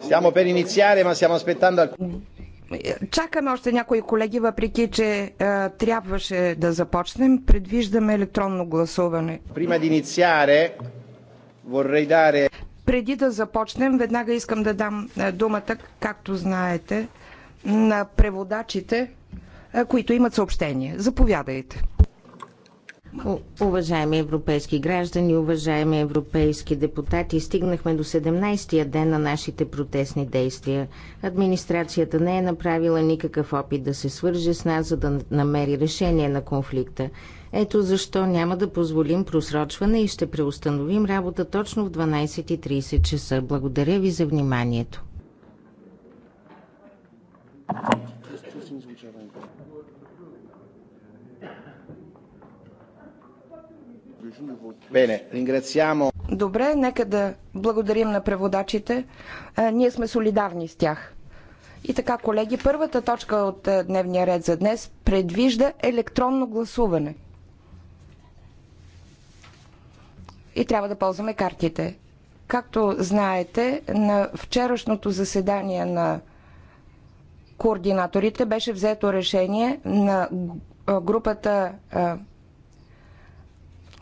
Стямо пер инициаре, ма стямо аспетанда... Чакаме още някои колеги, въпреки че е, трябваше да започнем. Предвиждаме електронно гласуване. Прима да инициаре, vorrei dare... Преди да започнем, веднага искам да дам е, думата, както знаете, на преводачите, е, които имат съобщение. Заповядайте. Уважаеми европейски граждани, уважаеми европейски депутати, стигнахме до 17-я ден на нашите протестни действия. Администрацията не е направила никакъв опит да се свърже с нас, за да намери решение на конфликта. Ето защо няма да позволим просрочване и ще преустановим работа точно в 12.30 часа. Благодаря ви за вниманието. Добре, нека да благодарим на преводачите. Е, ние сме солидарни с тях. И така, колеги, първата точка от е, дневния ред за днес предвижда електронно гласуване. И трябва да ползваме картите. Както знаете, на вчерашното заседание на координаторите беше взето решение на групата е,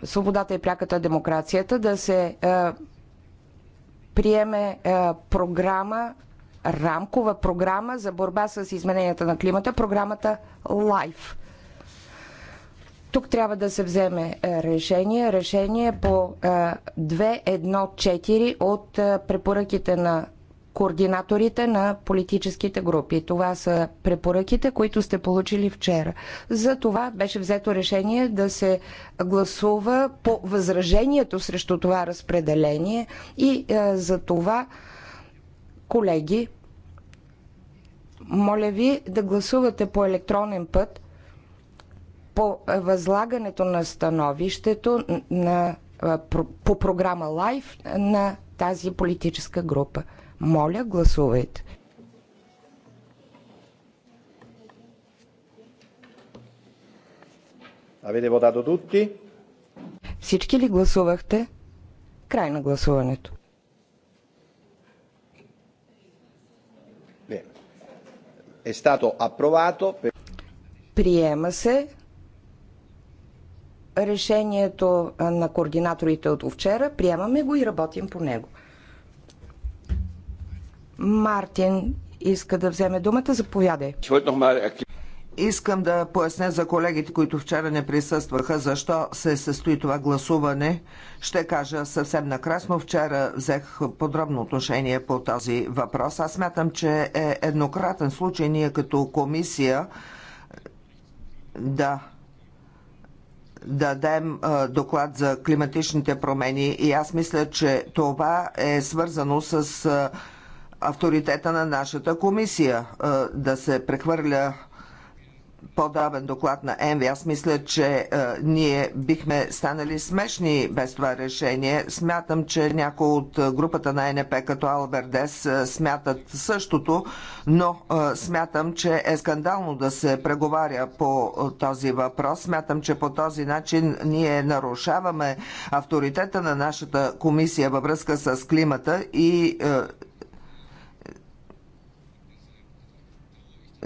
свободата и пряката демокрацията, да се е, приеме е, програма, рамкова програма за борба с измененията на климата, програмата LIFE. Тук трябва да се вземе е, решение. Решение по 2.1.4 от препоръките на координаторите на политическите групи. Това са препоръките, които сте получили вчера. За това беше взето решение да се гласува по възражението срещу това разпределение и е, за това, колеги, моля ви да гласувате по електронен път по възлагането на становището на, е, по програма Лайф на тази политическа група. Моля, гласувайте. Avete votato tutti? Всички ли гласувахте? Край на гласуването. Е стато апровато. Приема се решението на координаторите от вчера. Приемаме го и работим по него. Мартин иска да вземе думата. Заповядай. Искам да поясня за колегите, които вчера не присъстваха, защо се състои това гласуване. Ще кажа съвсем накрасно. Вчера взех подробно отношение по този въпрос. Аз смятам, че е еднократен случай ние като комисия да дадем доклад за климатичните промени и аз мисля, че това е свързано с авторитета на нашата комисия е, да се прехвърля по-давен доклад на ЕМВИ. Аз мисля, че е, ние бихме станали смешни без това решение. Смятам, че някои от групата на НП като Албердес е, смятат същото, но е, смятам, че е скандално да се преговаря по е, този въпрос. Смятам, че по този начин ние нарушаваме авторитета на нашата комисия във връзка с климата и е,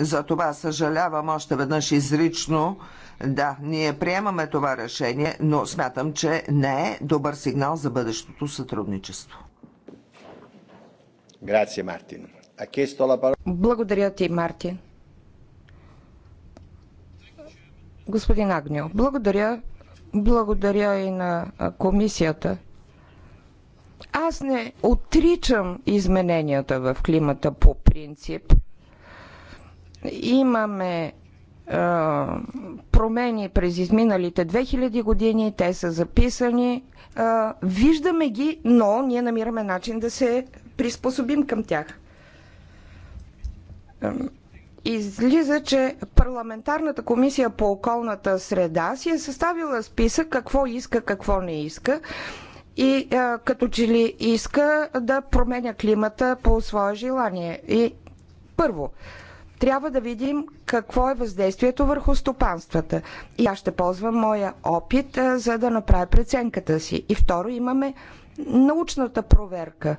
За това съжалявам още веднъж изрично. Да, ние приемаме това решение, но смятам, че не е добър сигнал за бъдещото сътрудничество. Грация, Мартин. Е благодаря ти, Мартин. Господин Агнио, благодаря. Благодаря и на комисията. Аз не отричам измененията в климата по принцип – имаме промени през изминалите 2000 години, те са записани, виждаме ги, но ние намираме начин да се приспособим към тях. Излиза, че парламентарната комисия по околната среда си е съставила списък какво иска, какво не иска и а, като че ли иска да променя климата по свое желание. И първо, трябва да видим какво е въздействието върху стопанствата. И аз ще ползвам моя опит, за да направя преценката си. И второ, имаме научната проверка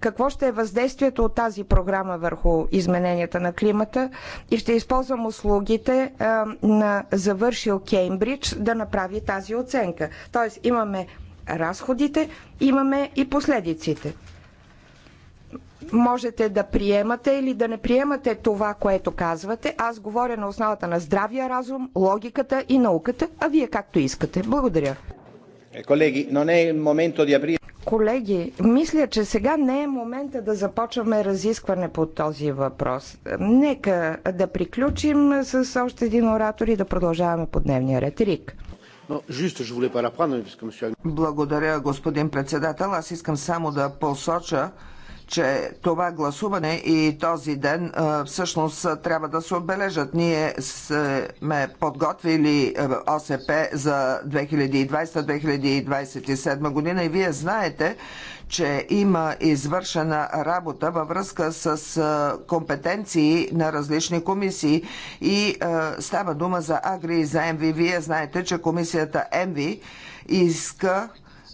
какво ще е въздействието от тази програма върху измененията на климата и ще използвам услугите а, на завършил Кеймбридж да направи тази оценка. Тоест имаме разходите, имаме и последиците можете да приемате или да не приемате това, което казвате. Аз говоря на основата на здравия разум, логиката и науката, а вие както искате. Благодаря. Е, колеги, но не е момент да апри... Колеги, мисля, че сега не е момента да започваме разискване по този въпрос. Нека да приключим с още един оратор и да продължаваме по дневния ред. Рик. Благодаря, господин председател. Аз искам само да посоча, че това гласуване и този ден всъщност трябва да се отбележат. Ние сме подготвили ОСП за 2020-2027 година и вие знаете, че има извършена работа във връзка с компетенции на различни комисии и става дума за Агри и за МВИ. Вие знаете, че комисията МВИ иска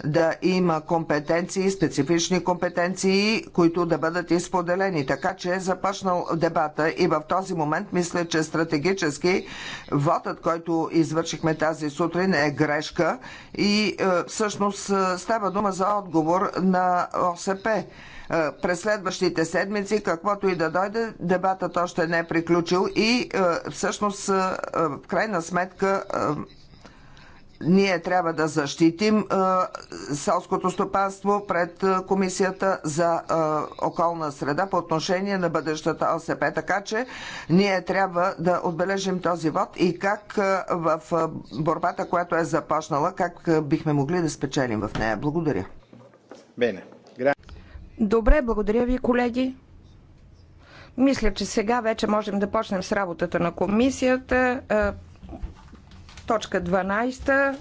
да има компетенции, специфични компетенции, които да бъдат изподелени. Така че е започнал дебата и в този момент мисля, че стратегически вотът, който извършихме тази сутрин е грешка и е, всъщност е, става дума за отговор на ОСП е, през следващите седмици, каквото и да дойде, дебатът още не е приключил и всъщност в крайна сметка ние трябва да защитим селското стопанство пред Комисията за околна среда по отношение на бъдещата ОСП. Така че ние трябва да отбележим този вод и как в борбата, която е започнала, как бихме могли да спечелим в нея. Благодаря. Бене. Добре, благодаря ви, колеги. Мисля, че сега вече можем да почнем с работата на комисията. Точка 12.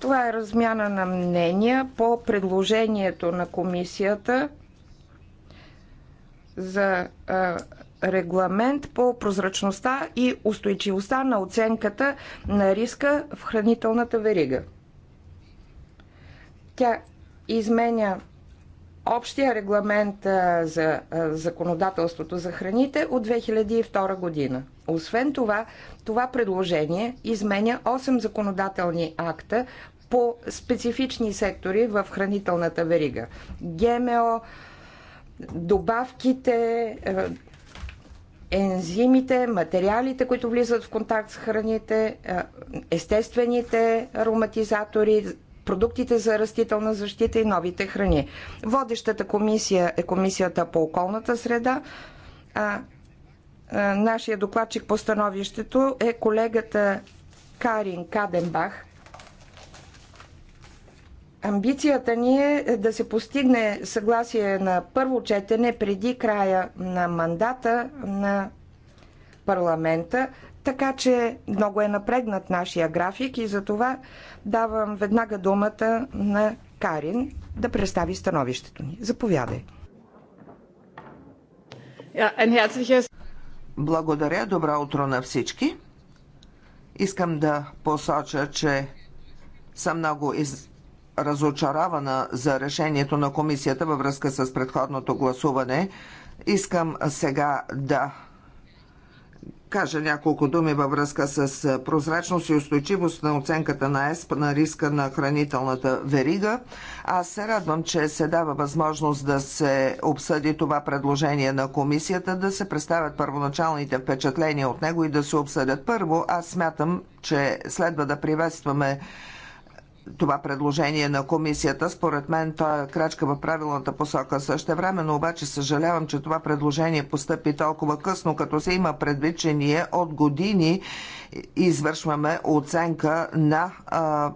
Това е размяна на мнения по предложението на комисията за регламент по прозрачността и устойчивостта на оценката на риска в хранителната верига. Тя изменя общия регламент за законодателството за храните от 2002 година. Освен това, това предложение изменя 8 законодателни акта по специфични сектори в хранителната верига. ГМО, добавките, ензимите, материалите, които влизат в контакт с храните, естествените ароматизатори, продуктите за растителна защита и новите храни. Водещата комисия е комисията по околната среда, а, а нашия докладчик по становището е колегата Карин Каденбах. Амбицията ни е да се постигне съгласие на първо четене преди края на мандата на парламента, така че много е напрегнат нашия график и за това давам веднага думата на Карин да представи становището ни. Заповядай. Благодаря. Добро утро на всички. Искам да посоча, че съм много из... разочарована за решението на комисията във връзка с предходното гласуване. Искам сега да кажа няколко думи във връзка с прозрачност и устойчивост на оценката на ЕСП на риска на хранителната верига. Аз се радвам, че се дава възможност да се обсъди това предложение на комисията, да се представят първоначалните впечатления от него и да се обсъдят. Първо, аз смятам, че следва да приветстваме това предложение на комисията. Според мен то е крачка в правилната посока. Също време, но обаче съжалявам, че това предложение постъпи толкова късно, като се има предвид, че ние от години извършваме оценка на а,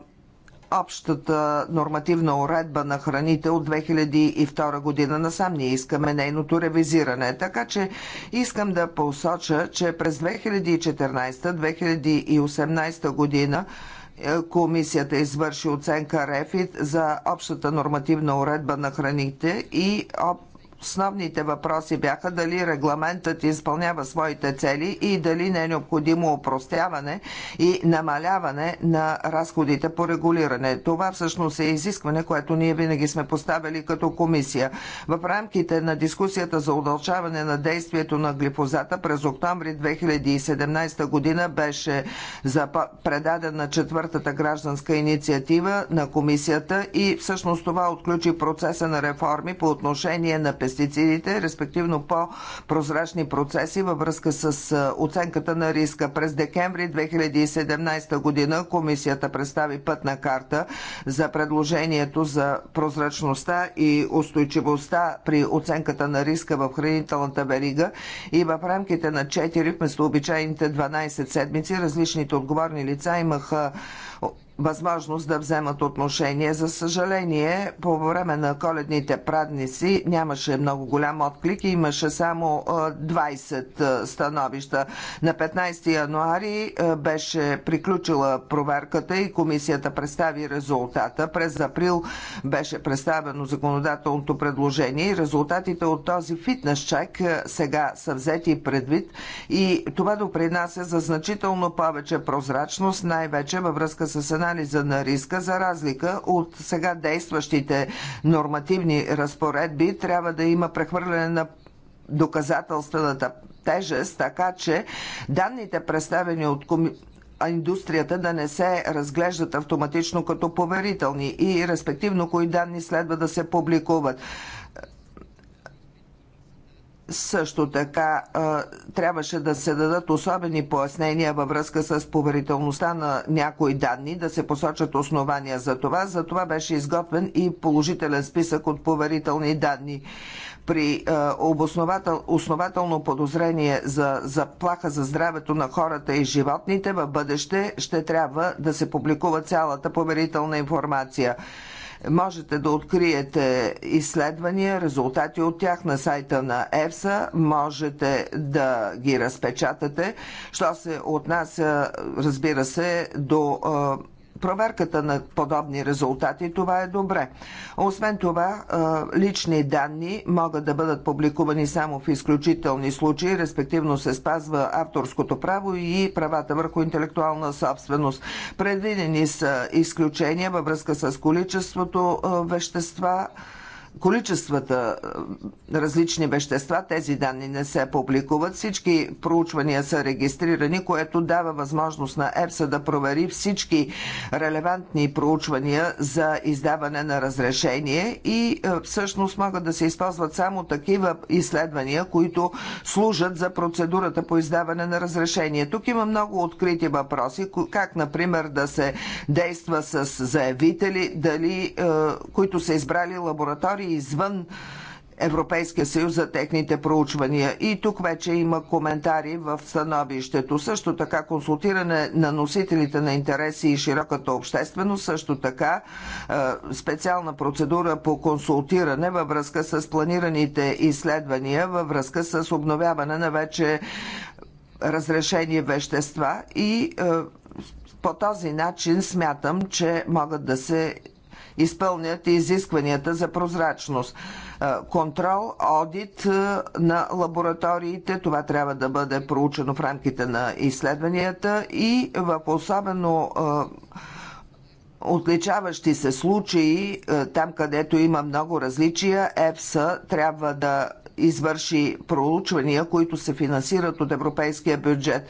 общата нормативна уредба на храните от 2002 година насам. Ние искаме нейното ревизиране. Така че искам да посоча, че през 2014-2018 година е, комисията извърши оценка РЕФИТ за общата нормативна уредба на храните и Основните въпроси бяха дали регламентът изпълнява своите цели и дали не е необходимо упростяване и намаляване на разходите по регулиране. Това всъщност е изискване, което ние винаги сме поставили като комисия. В рамките на дискусията за удължаване на действието на глифозата през октомври 2017 година беше предадена четвъртата гражданска инициатива на комисията и всъщност това отключи процеса на реформи по отношение на пестицидите пестицидите, респективно по-прозрачни процеси във връзка с оценката на риска. През декември 2017 година комисията представи пътна карта за предложението за прозрачността и устойчивостта при оценката на риска в хранителната верига и в рамките на 4 вместо обичайните 12 седмици различните отговорни лица имаха възможност да вземат отношение. За съжаление, по време на коледните празници нямаше много голям отклик и имаше само 20 становища. На 15 януари беше приключила проверката и комисията представи резултата. През април беше представено законодателното предложение и резултатите от този фитнес чек сега са взети предвид и това допринася за значително повече прозрачност, най-вече във връзка с с анализа на риска, за разлика от сега действащите нормативни разпоредби, трябва да има прехвърляне на доказателствената тежест, така че данните, представени от комисията, а индустрията да не се разглеждат автоматично като поверителни и респективно кои данни следва да се публикуват също така трябваше да се дадат особени пояснения във връзка с поверителността на някои данни, да се посочат основания за това. За това беше изготвен и положителен списък от поверителни данни. При обосновател, основателно подозрение за заплаха за здравето на хората и животните в бъдеще ще трябва да се публикува цялата поверителна информация. Можете да откриете изследвания, резултати от тях на сайта на ЕФСА. Можете да ги разпечатате. Що се отнася, разбира се, до проверката на подобни резултати, това е добре. Освен това, лични данни могат да бъдат публикувани само в изключителни случаи, респективно се спазва авторското право и правата върху интелектуална собственост. Предвидени са изключения във връзка с количеството вещества, количествата е, различни вещества, тези данни не се публикуват. Всички проучвания са регистрирани, което дава възможност на ЕПСА да провери всички релевантни проучвания за издаване на разрешение и е, всъщност могат да се използват само такива изследвания, които служат за процедурата по издаване на разрешение. Тук има много открити въпроси, как например да се действа с заявители, дали, е, които са избрали лаборатории държави извън Европейския съюз за техните проучвания. И тук вече има коментари в становището. Също така консултиране на носителите на интереси и широката общественост, също така е, специална процедура по консултиране във връзка с планираните изследвания, във връзка с обновяване на вече разрешени вещества и е, по този начин смятам, че могат да се изпълнят изискванията за прозрачност. Е, контрол, одит е, на лабораториите, това трябва да бъде проучено в рамките на изследванията и в особено е, отличаващи се случаи, там където има много различия, ЕФСА трябва да извърши проучвания, които се финансират от европейския бюджет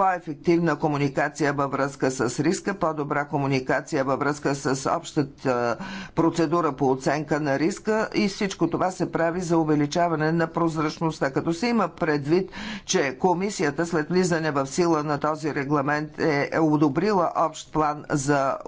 по-ефективна комуникация във връзка с риска, по-добра комуникация във връзка с общата процедура по оценка на риска и всичко това се прави за увеличаване на прозрачността. Като се има предвид, че комисията след влизане в сила на този регламент е, е одобрила общ план за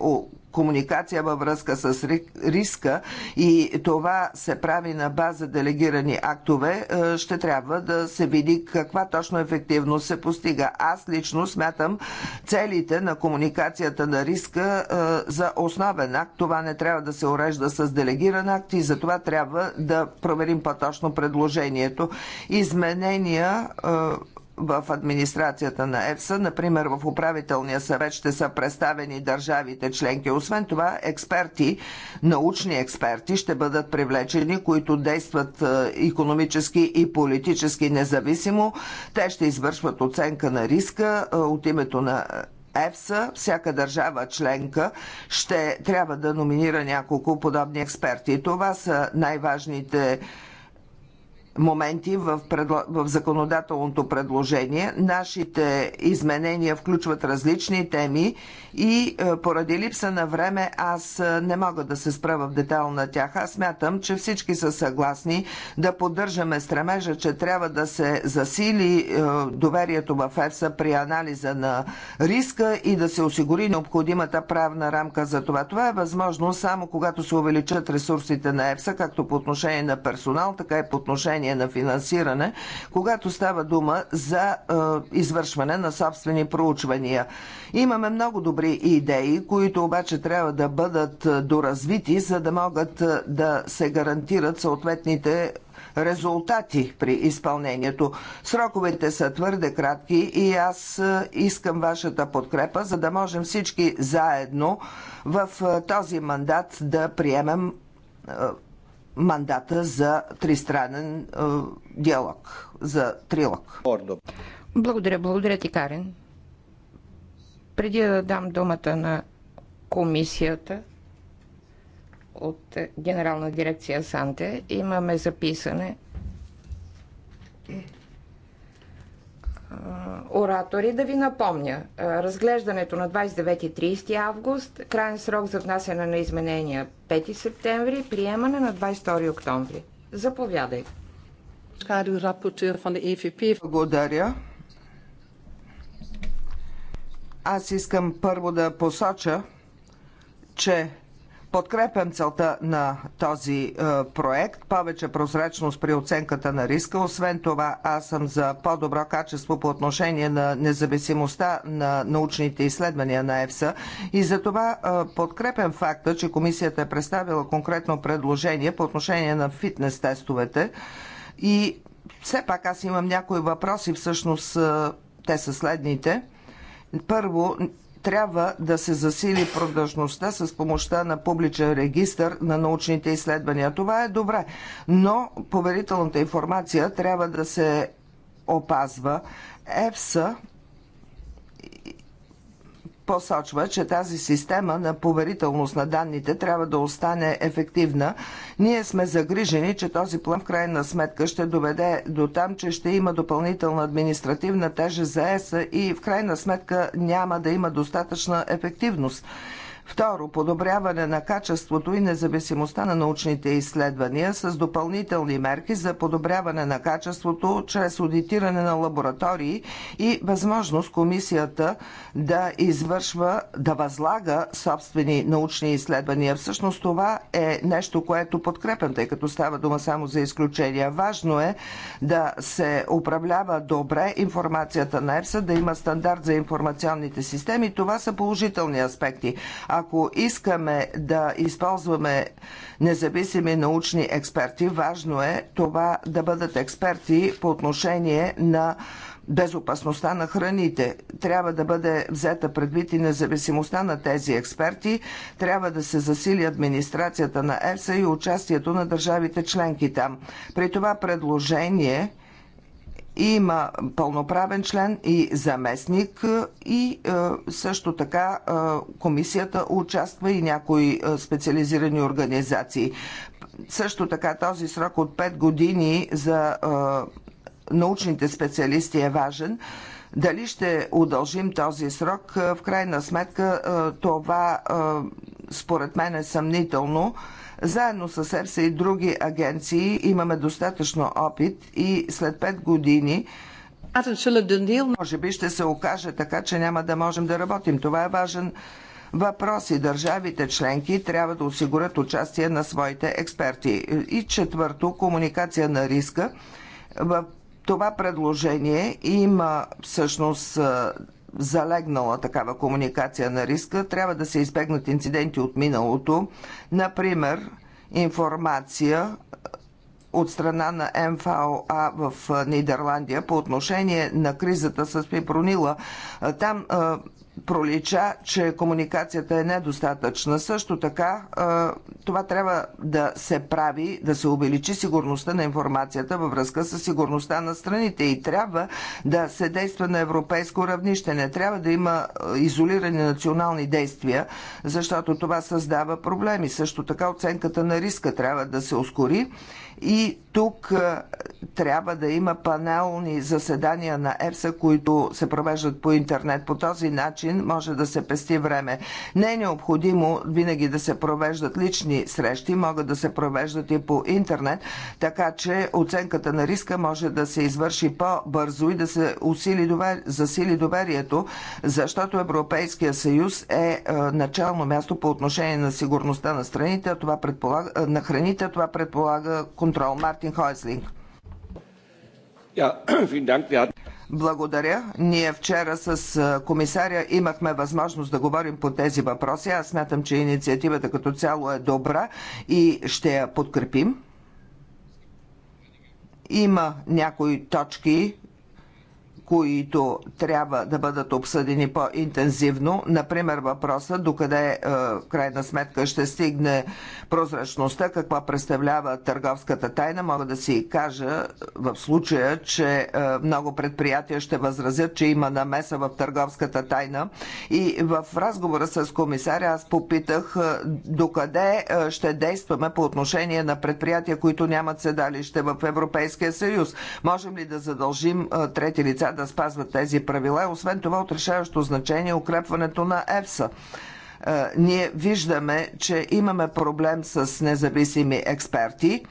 комуникация във връзка с риска и това се прави на база делегирани актове, е, ще трябва да се види каква точно ефективност се постига. Аз лично смятам целите на комуникацията на риска е, за основен акт. Това не трябва да се урежда с делегиран акт и затова трябва да проверим по-точно предложението. Изменения е, в администрацията на ЕФСА, например в управителния съвет ще са представени държавите членки. Освен това, експерти, научни експерти ще бъдат привлечени, които действат економически и политически независимо. Те ще извършват оценка на риска е, от името на ЕФСА, всяка държава членка ще трябва да номинира няколко подобни експерти. Това са най-важните моменти в, предло... в законодателното предложение. Нашите изменения включват различни теми и е, поради липса на време аз е, не мога да се спра в детайл на тях. Аз мятам, че всички са съгласни да поддържаме стремежа, че трябва да се засили е, доверието в ЕФСА при анализа на риска и да се осигури необходимата правна рамка за това. Това е възможно само когато се увеличат ресурсите на ЕФСА, както по отношение на персонал, така и по отношение отношение на финансиране, когато става дума за е, извършване на собствени проучвания. Имаме много добри идеи, които обаче трябва да бъдат е, доразвити, за да могат е, да се гарантират съответните резултати при изпълнението. Сроковете са твърде кратки и аз е, искам вашата подкрепа, за да можем всички заедно в този мандат да приемем мандата за тристранен е, диалог, за трилог. Благодаря, благодаря ти, Карен. Преди да дам думата на комисията от Генерална дирекция Санте, имаме записане оратори да ви напомня. Разглеждането на 29-30 август, крайен срок за внасяне на изменения 5 септември, приемане на 22 октомври. Заповядай. Е Благодаря. Аз искам първо да посоча, че Подкрепям целта на този е, проект, повече прозрачност при оценката на риска. Освен това, аз съм за по-добро качество по отношение на независимостта на научните изследвания на ЕФСА и за това е, подкрепям факта, че комисията е представила конкретно предложение по отношение на фитнес тестовете и все пак аз имам някои въпроси, всъщност е, те са следните. Първо, трябва да се засили продължността с помощта на публичен регистр на научните изследвания. Това е добре, но поверителната информация трябва да се опазва. ЕФСА посочва, че тази система на поверителност на данните трябва да остане ефективна. Ние сме загрижени, че този план в крайна сметка ще доведе до там, че ще има допълнителна административна тежест за ЕСА и в крайна сметка няма да има достатъчна ефективност. Второ, подобряване на качеството и независимостта на научните изследвания с допълнителни мерки за подобряване на качеството чрез аудитиране на лаборатории и възможност комисията да извършва, да възлага собствени научни изследвания. Всъщност това е нещо, което подкрепям, тъй като става дума само за изключения. Важно е да се управлява добре информацията на ЕФСА, да има стандарт за информационните системи. Това са положителни аспекти. Ако искаме да използваме независими научни експерти, важно е това да бъдат експерти по отношение на безопасността на храните. Трябва да бъде взета предвид и независимостта на тези експерти. Трябва да се засили администрацията на ЕСА и участието на държавите членки там. При това предложение има пълноправен член и заместник е, и е, също така е, комисията участва и някои специализирани организации. Също така този срок от 5 години за научните специалисти е важен. Дали ще удължим този срок, в крайна сметка това според мен е съмнително. Заедно с ЕРСА и други агенции имаме достатъчно опит и след 5 години може би ще се окаже така, че няма да можем да работим. Това е важен въпрос и държавите членки трябва да осигурят участие на своите експерти. И четвърто, комуникация на риска. В това предложение има всъщност залегнала такава комуникация на риска. Трябва да се избегнат инциденти от миналото, например информация от страна на МФОА в Нидерландия по отношение на кризата с пипронила. Там пролича, че комуникацията е недостатъчна. Също така, това трябва да се прави, да се увеличи сигурността на информацията във връзка с сигурността на страните и трябва да се действа на европейско равнище. Не трябва да има изолирани национални действия, защото това създава проблеми. Също така, оценката на риска трябва да се ускори и тук трябва да има панелни заседания на ЕФСА, които се провеждат по интернет. По този начин може да се пести време. Не е необходимо винаги да се провеждат лични срещи, могат да се провеждат и по интернет, така че оценката на риска може да се извърши по-бързо и да се усили довер... засили доверието, защото Европейския съюз е начално място по отношение на сигурността на страните, това предполага... на храните, това предполага контрол контрол. Мартин Хойслинг. Благодаря. Ние вчера с комисаря имахме възможност да говорим по тези въпроси. Аз смятам, че инициативата като цяло е добра и ще я подкрепим. Има някои точки, които трябва да бъдат обсъдени по-интензивно. Например, въпроса до е, в крайна сметка ще стигне прозрачността, каква представлява търговската тайна. Мога да си кажа в случая, че е, много предприятия ще възразят, че има намеса в търговската тайна. И в разговора с комисаря аз попитах е, до къде е, ще действаме по отношение на предприятия, които нямат седалище в Европейския съюз. Можем ли да задължим трети лица да да спазват тези правила. Освен това, от решаващо значение е укрепването на ЕФСА е, ние виждаме, че имаме проблем с независими експерти.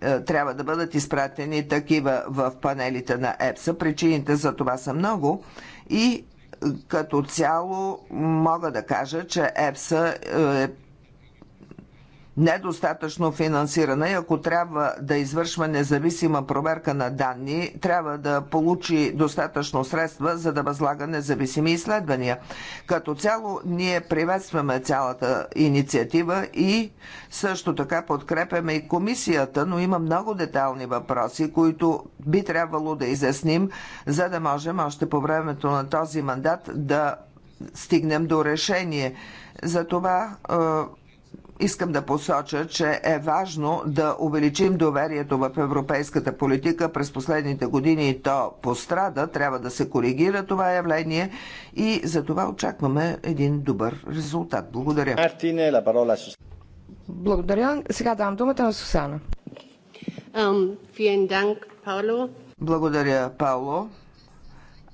Е, трябва да бъдат изпратени такива в панелите на ЕПСА. Причините за това са много и като цяло мога да кажа, че ЕПСА е недостатъчно финансирана и ако трябва да извършва независима проверка на данни, трябва да получи достатъчно средства, за да възлага независими изследвания. Като цяло ние приветстваме цялата инициатива и също така подкрепяме и комисията, но има много детални въпроси, които би трябвало да изясним, за да можем още по времето на този мандат да стигнем до решение. За това е, искам да посоча, че е важно да увеличим доверието в европейската политика. През последните години и то пострада, трябва да се коригира това явление и за това очакваме един добър резултат. Благодаря. Мартине, la parola Благодаря. Сега давам думата на Сусана. Благодаря, Пауло.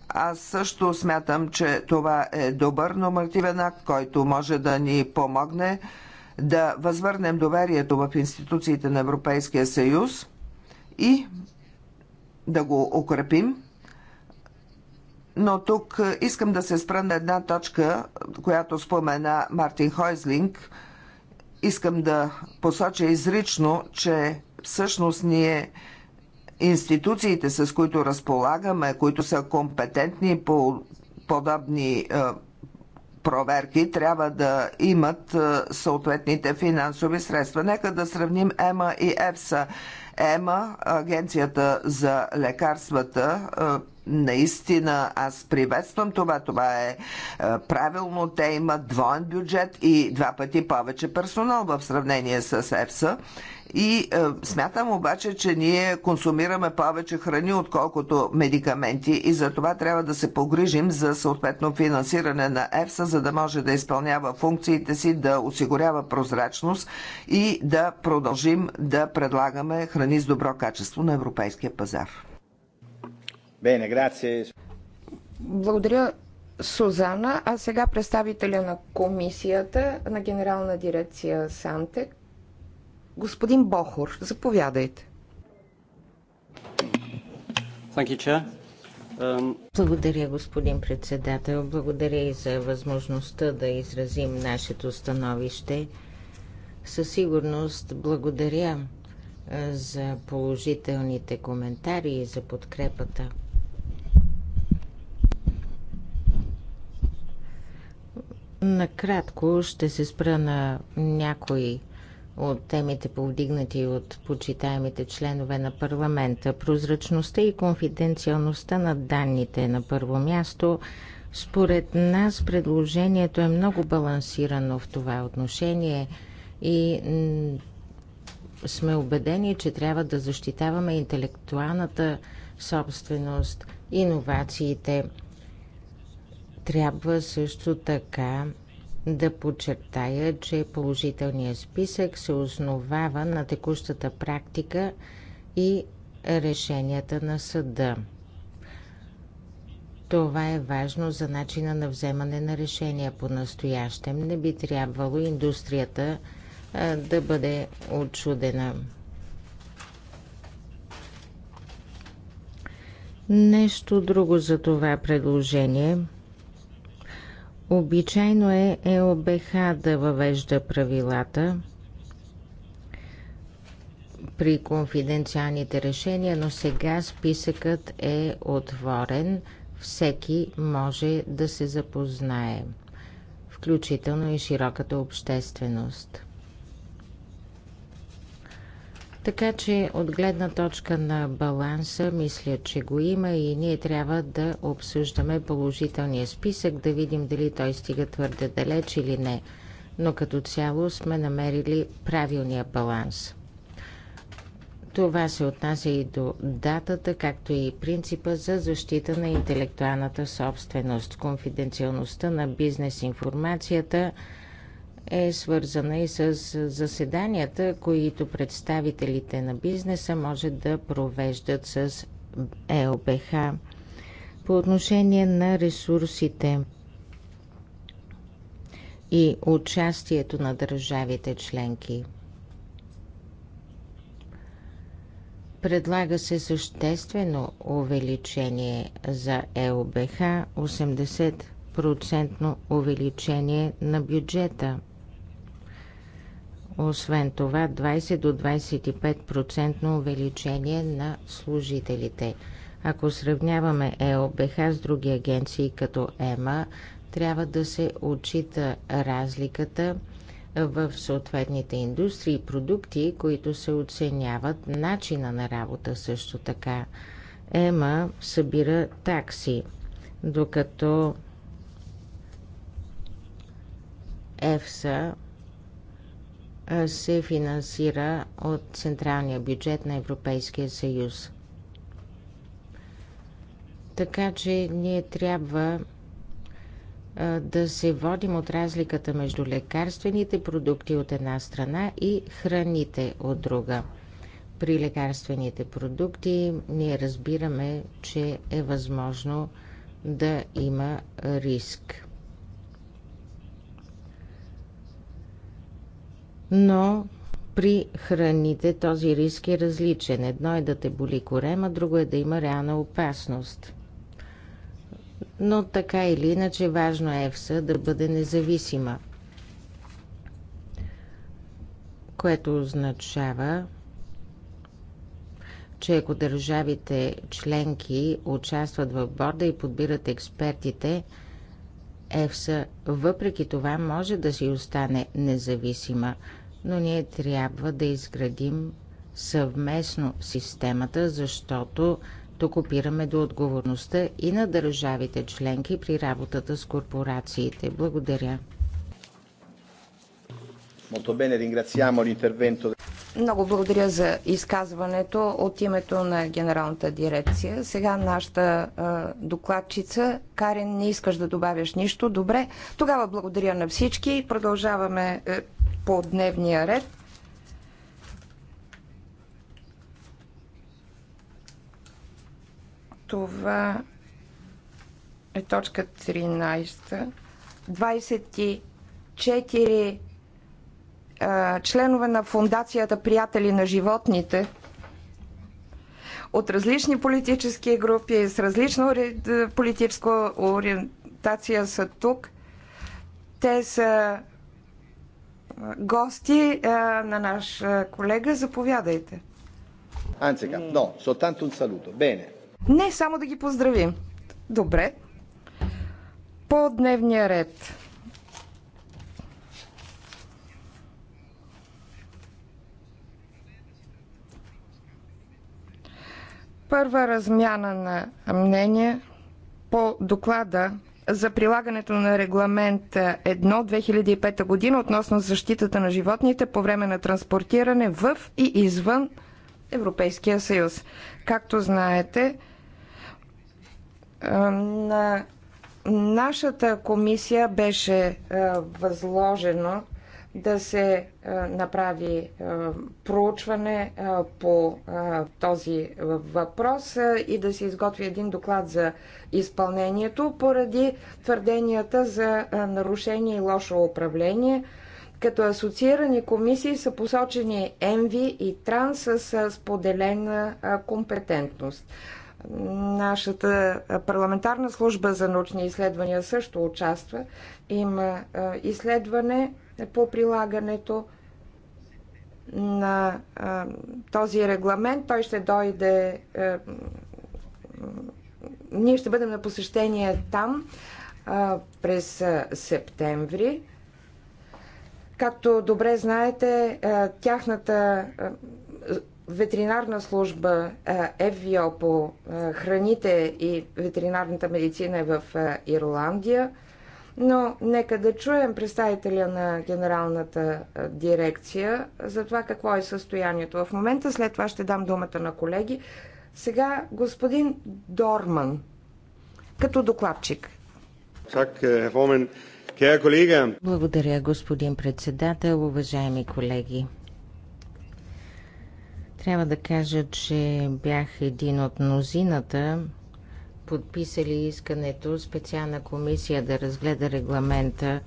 Аз също смятам, че това е добър нормативен акт, който може да ни помогне да възвърнем доверието в институциите на Европейския съюз и да го укрепим. Но тук искам да се спра на една точка, която спомена Мартин Хойзлинг. Искам да посоча изрично, че всъщност ние институциите, с които разполагаме, които са компетентни по подобни е, проверки трябва да имат е, съответните финансови средства. Нека да сравним ЕМА и ЕФСА. ЕМА, Агенцията за лекарствата, е, наистина аз приветствам това. Това е, е правилно. Те имат двоен бюджет и два пъти повече персонал в сравнение с ЕПСА. И е, смятам обаче, че ние консумираме повече храни, отколкото медикаменти и за това трябва да се погрижим за съответно финансиране на ЕФСА, за да може да изпълнява функциите си, да осигурява прозрачност и да продължим да предлагаме храни с добро качество на европейския пазар. Бене, грация. Благодаря, Сузана. А сега представителя на комисията на генерална дирекция Санте, господин Бохор. Заповядайте. You, um, Благодаря, господин председател. Благодаря и за възможността да изразим нашето становище. Със сигурност благодаря за положителните коментари и за подкрепата. Накратко ще се спра на някои от темите повдигнати от почитаемите членове на парламента. Прозрачността и конфиденциалността на данните на първо място. Според нас предложението е много балансирано в това отношение и сме убедени, че трябва да защитаваме интелектуалната собственост, иновациите, трябва също така да подчертая, че положителният списък се основава на текущата практика и решенията на съда. Това е важно за начина на вземане на решения по настоящем. Не би трябвало индустрията а, да бъде отчудена. Нещо друго за това предложение – Обичайно е ЕОБХ да въвежда правилата при конфиденциалните решения, но сега списъкът е отворен. Всеки може да се запознае, включително и широката общественост. Така че от гледна точка на баланса, мисля, че го има и ние трябва да обсъждаме положителния списък, да видим дали той стига твърде далеч или не. Но като цяло сме намерили правилния баланс. Това се отнася и до датата, както и принципа за защита на интелектуалната собственост, конфиденциалността на бизнес информацията – е свързана и с заседанията, които представителите на бизнеса може да провеждат с ЕОБХ. По отношение на ресурсите и участието на държавите членки. Предлага се съществено увеличение за ЕОБХ 80% увеличение на бюджета – освен това, 20 до 25% увеличение на служителите. Ако сравняваме ЕОБХ с други агенции като ЕМА, трябва да се отчита разликата в съответните индустрии и продукти, които се оценяват начина на работа също така. ЕМА събира такси, докато ЕФСА се финансира от централния бюджет на Европейския съюз. Така че ние трябва да се водим от разликата между лекарствените продукти от една страна и храните от друга. При лекарствените продукти ние разбираме, че е възможно да има риск. но при храните този риск е различен. Едно е да те боли корема, друго е да има реална опасност. Но така или иначе важно е ЕФСА да бъде независима, което означава, че ако държавите членки участват в борда и подбират експертите, ЕФСА въпреки това може да си остане независима но ние трябва да изградим съвместно системата, защото тук опираме до отговорността и на държавите членки при работата с корпорациите. Благодаря. Много благодаря за изказването от името на Генералната дирекция. Сега нашата докладчица Карен, не искаш да добавяш нищо. Добре, тогава благодаря на всички. Продължаваме е, по дневния ред. Това е точка 13. 24 членове на Фундацията Приятели на животните от различни политически групи, с различна политическа ориентация са тук. Те са гости на наш колега. Заповядайте. Anzi, е. no, soltanto un saluto. Bene. Не, само да ги поздравим. Добре. По дневния ред. Първа размяна на мнение по доклада за прилагането на регламент 1-2005 година относно защитата на животните по време на транспортиране в и извън Европейския съюз. Както знаете, на нашата комисия беше възложено да се е, направи е, проучване е, по този въпрос и да се изготви един доклад за изпълнението поради твърденията за нарушение и лошо управление. Като асоциирани комисии са посочени ЕМВИ и ТРАН с споделена компетентност. Нашата парламентарна служба за научни изследвания също участва. Има изследване по прилагането на а, този регламент. Той ще дойде. А, ние ще бъдем на посещение там а, през а, септември. Както добре знаете, а, тяхната а, ветеринарна служба FVO по храните и ветеринарната медицина е в Ирландия но нека да чуем представителя на генералната е, дирекция за това какво е състоянието в момента. След това ще дам думата на колеги. Сега господин Дорман, като докладчик. Е, Фомен. Колега. Благодаря, господин председател, уважаеми колеги. Трябва да кажа, че бях един от мнозината, подписали искането специална комисия да разгледа регламента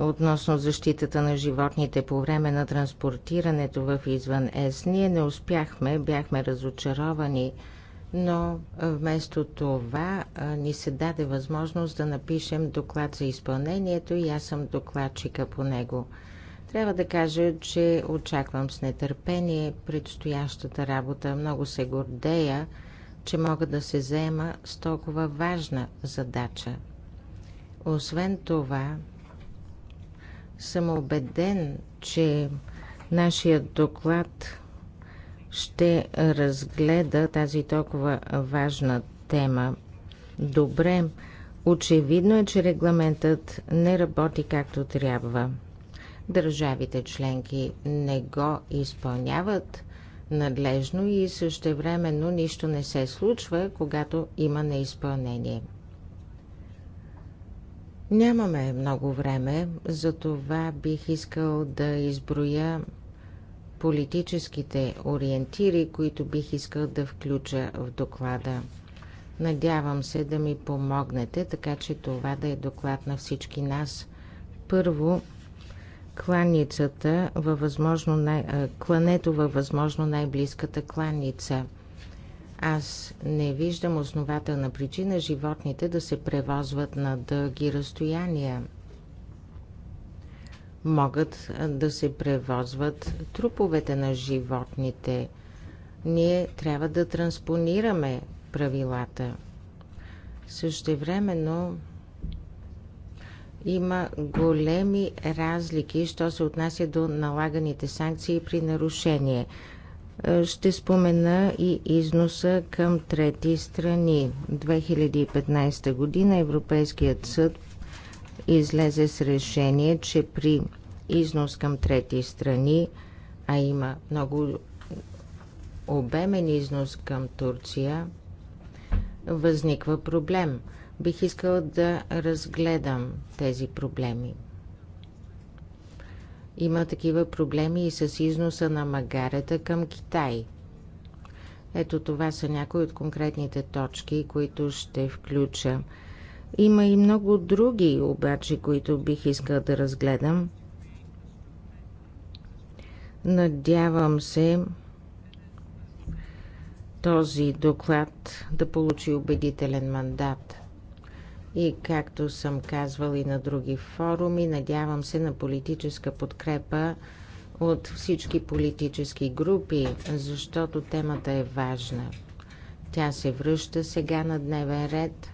относно защитата на животните по време на транспортирането в извън ЕС. Ние не успяхме, бяхме разочаровани, но вместо това ни се даде възможност да напишем доклад за изпълнението и аз съм докладчика по него. Трябва да кажа, че очаквам с нетърпение предстоящата работа. Много се гордея, че мога да се заема с толкова важна задача. Освен това, съм убеден, че нашият доклад ще разгледа тази толкова важна тема. Добре, очевидно е, че регламентът не работи както трябва. Държавите членки не го изпълняват надлежно и същевременно нищо не се случва, когато има неизпълнение. Нямаме много време, затова бих искал да изброя политическите ориентири, които бих искал да включа в доклада. Надявам се да ми помогнете, така че това да е доклад на всички нас. Първо, кланицата във възможно най... клането във възможно най-близката кланица. Аз не виждам основателна причина животните да се превозват на дълги разстояния. Могат да се превозват труповете на животните. Ние трябва да транспонираме правилата. Също времено има големи разлики, що се отнася до налаганите санкции при нарушение. Е, ще спомена и износа към трети страни. 2015 година Европейският съд излезе с решение, че при износ към трети страни, а има много обемен износ към Турция, възниква проблем – бих искал да разгледам тези проблеми. Има такива проблеми и с износа на магарета към Китай. Ето това са някои от конкретните точки, които ще включа. Има и много други, обаче, които бих искал да разгледам. Надявам се този доклад да получи убедителен мандат – и както съм казвал и на други форуми, надявам се на политическа подкрепа от всички политически групи, защото темата е важна. Тя се връща сега на дневен ред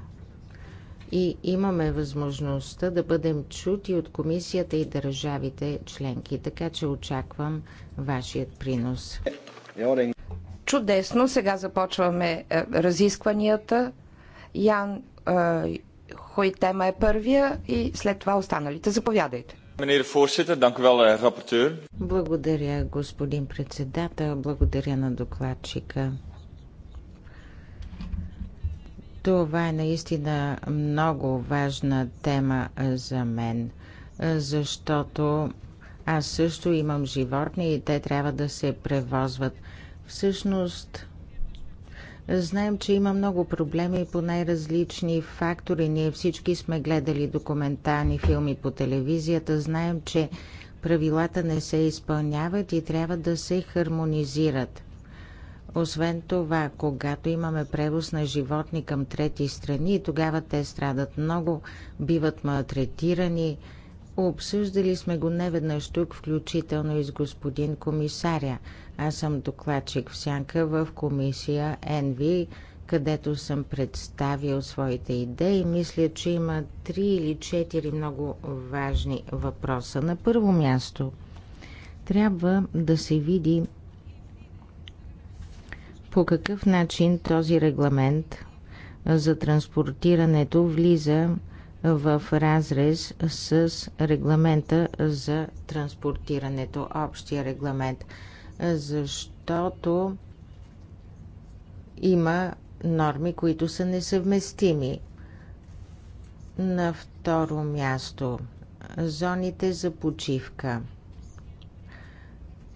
и имаме възможността да бъдем чути от комисията и държавите членки, така че очаквам вашият принос. Чудесно, сега започваме е, разискванията. Ян е, кой тема е първия и след това останалите. Заповядайте. Eh, Благодаря, господин председател. Благодаря на докладчика. Това е наистина много важна тема за мен, защото аз също имам животни и те трябва да се превозват. Всъщност, Знаем, че има много проблеми по най-различни фактори. Ние всички сме гледали документални филми по телевизията. Знаем, че правилата не се изпълняват и трябва да се хармонизират. Освен това, когато имаме превоз на животни към трети страни, тогава те страдат много, биват малтретирани. Обсъждали сме го неведнъж тук, включително и с господин комисаря. Аз съм докладчик в Сянка в комисия НВ, където съм представил своите идеи. Мисля, че има три или четири много важни въпроса. На първо място трябва да се види по какъв начин този регламент за транспортирането влиза в разрез с регламента за транспортирането, общия регламент защото има норми, които са несъвместими. На второ място зоните за почивка.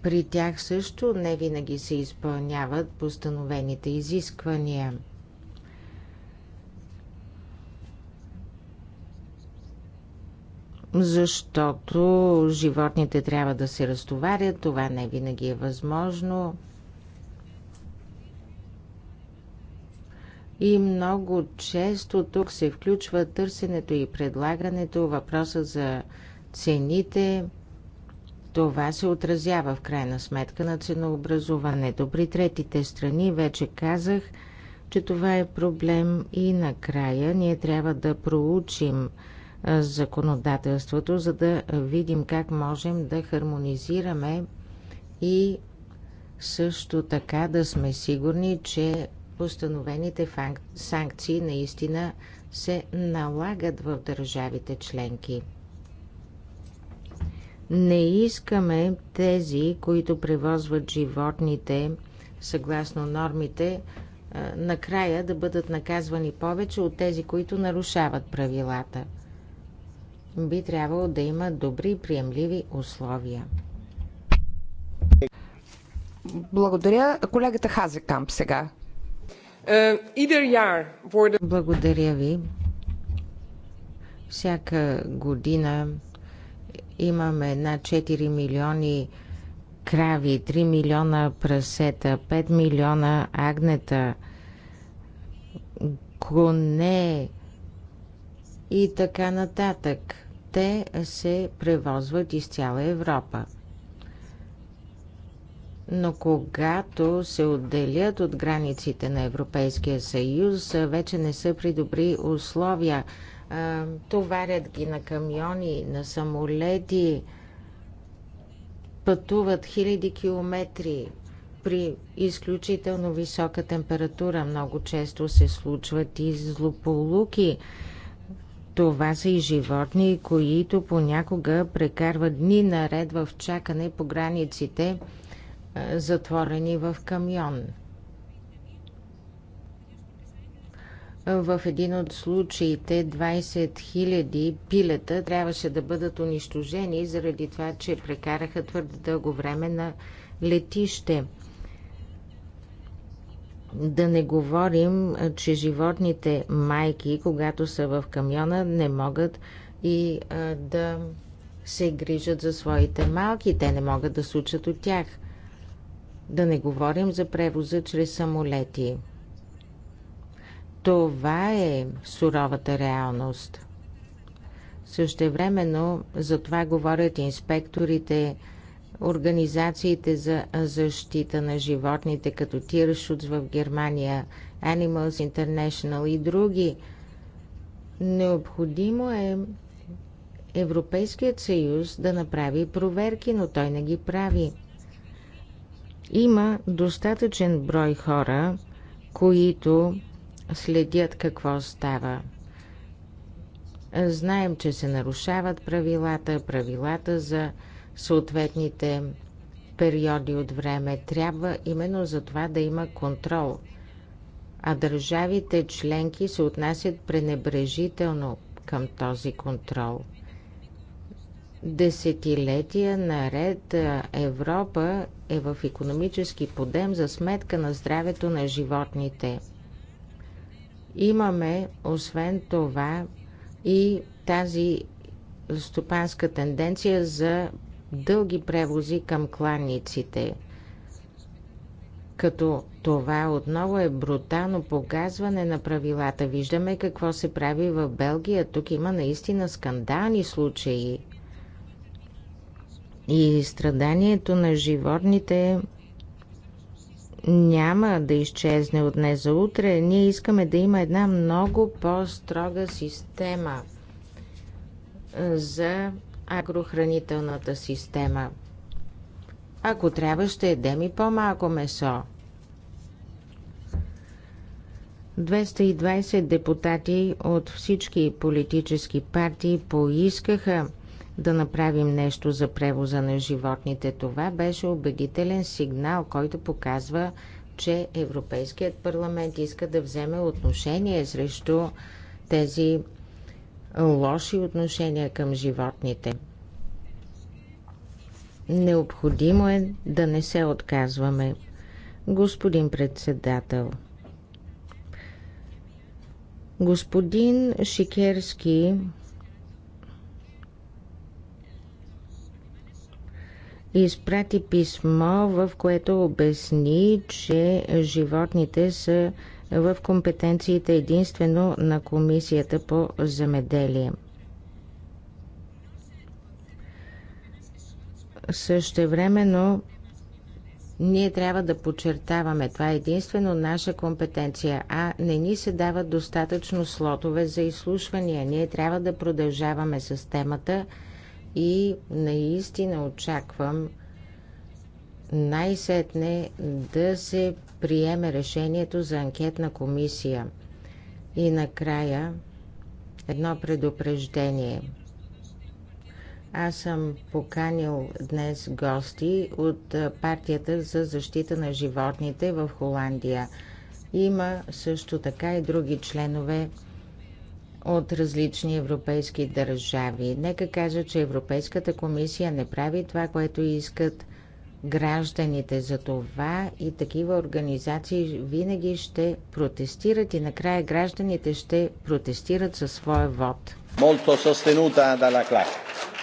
При тях също не винаги се изпълняват постановените изисквания – защото животните трябва да се разтоварят, това не винаги е възможно. И много често тук се включва търсенето и предлагането, въпроса за цените. Това се отразява в крайна сметка на ценообразуването. При третите страни вече казах, че това е проблем и накрая ние трябва да проучим законодателството, за да видим как можем да хармонизираме и също така да сме сигурни, че постановените санкции наистина се налагат в държавите членки. Не искаме тези, които превозват животните съгласно нормите, накрая да бъдат наказвани повече от тези, които нарушават правилата би трябвало да има добри и приемливи условия. Благодаря. Колегата Хазекамп сега. Е, Благодаря ви. Всяка година имаме на 4 милиони крави, 3 милиона прасета, 5 милиона агнета, коне, и така нататък. Те се превозват из цяла Европа. Но когато се отделят от границите на Европейския съюз, вече не са при добри условия. Товарят ги на камиони, на самолети, пътуват хиляди километри при изключително висока температура. Много често се случват и злополуки. Това са и животни, които понякога прекарват дни наред в чакане по границите, затворени в камион. В един от случаите 20 000 пилета трябваше да бъдат унищожени заради това, че прекараха твърде дълго време на летище. Да не говорим, че животните майки, когато са в камиона, не могат и а, да се грижат за своите малки. Те не могат да случат от тях. Да не говорим за превоза чрез самолети. Това е суровата реалност. Същевременно за това говорят инспекторите, Организациите за защита на животните, като Tierschutz в Германия, Animals International и други. Необходимо е Европейският съюз да направи проверки, но той не ги прави. Има достатъчен брой хора, които следят какво става. Знаем, че се нарушават правилата, правилата за съответните периоди от време. Трябва именно за това да има контрол. А държавите членки се отнасят пренебрежително към този контрол. Десетилетия наред Европа е в економически подем за сметка на здравето на животните. Имаме, освен това, и тази стопанска тенденция за дълги превози към кланиците. Като това отново е брутално погазване на правилата. Виждаме какво се прави в Белгия. Тук има наистина скандални случаи. И страданието на животните няма да изчезне от днес за утре. Ние искаме да има една много по-строга система за агрохранителната система. Ако трябва, ще едем и по-малко месо. 220 депутати от всички политически партии поискаха да направим нещо за превоза на животните. Това беше убедителен сигнал, който показва, че Европейският парламент иска да вземе отношение срещу тези лоши отношения към животните. Необходимо е да не се отказваме. Господин председател, господин Шикерски изпрати писмо, в което обясни, че животните са в компетенциите единствено на Комисията по земеделие. Същевременно ние трябва да подчертаваме, това е единствено наша компетенция, а не ни се дават достатъчно слотове за изслушвания. Ние трябва да продължаваме с темата и наистина очаквам най-сетне да се приеме решението за анкетна комисия. И накрая едно предупреждение. Аз съм поканил днес гости от партията за защита на животните в Холандия. Има също така и други членове от различни европейски държави. Нека кажа, че Европейската комисия не прави това, което искат гражданите. За това и такива организации винаги ще протестират и накрая гражданите ще протестират със своя вод.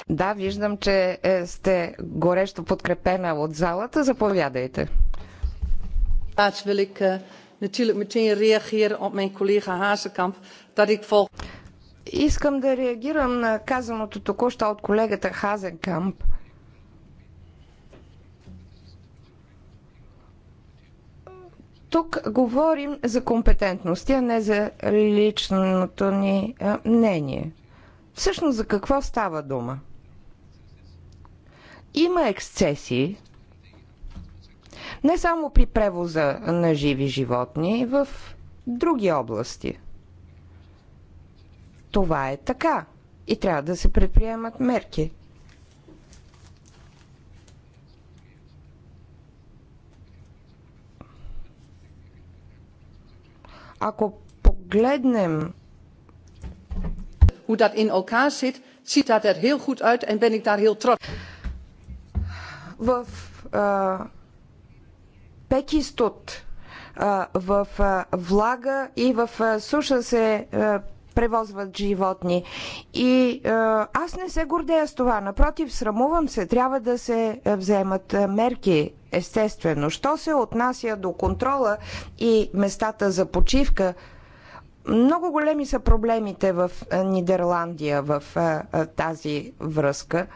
Да, виждам, че е, сте горещо подкрепена от залата. Заповядайте. Аз е, natuurlijk meteen reageren op mijn collega Hazekamp dat ik volg. Искам да реагирам на казаното току-що от колегата Хазенкамп. Тук говорим за компетентност, а не за личното ни мнение. Всъщност за какво става дума? Има ексцеси не само при превоза на живи животни, в други области. Това е така и трябва да се предприемат мерки. Ако погледнем hoe dat in elkaar zit, ziet dat er heel goed uit en ben ik daar heel trots. В а, Пекистот, а, в а, влага и в а, суша се а, превозват животни. И е, аз не се гордея с това. Напротив, срамувам се. Трябва да се вземат е, мерки, естествено. Що се отнася до контрола и местата за почивка, много големи са проблемите в е, Нидерландия в е, тази връзка.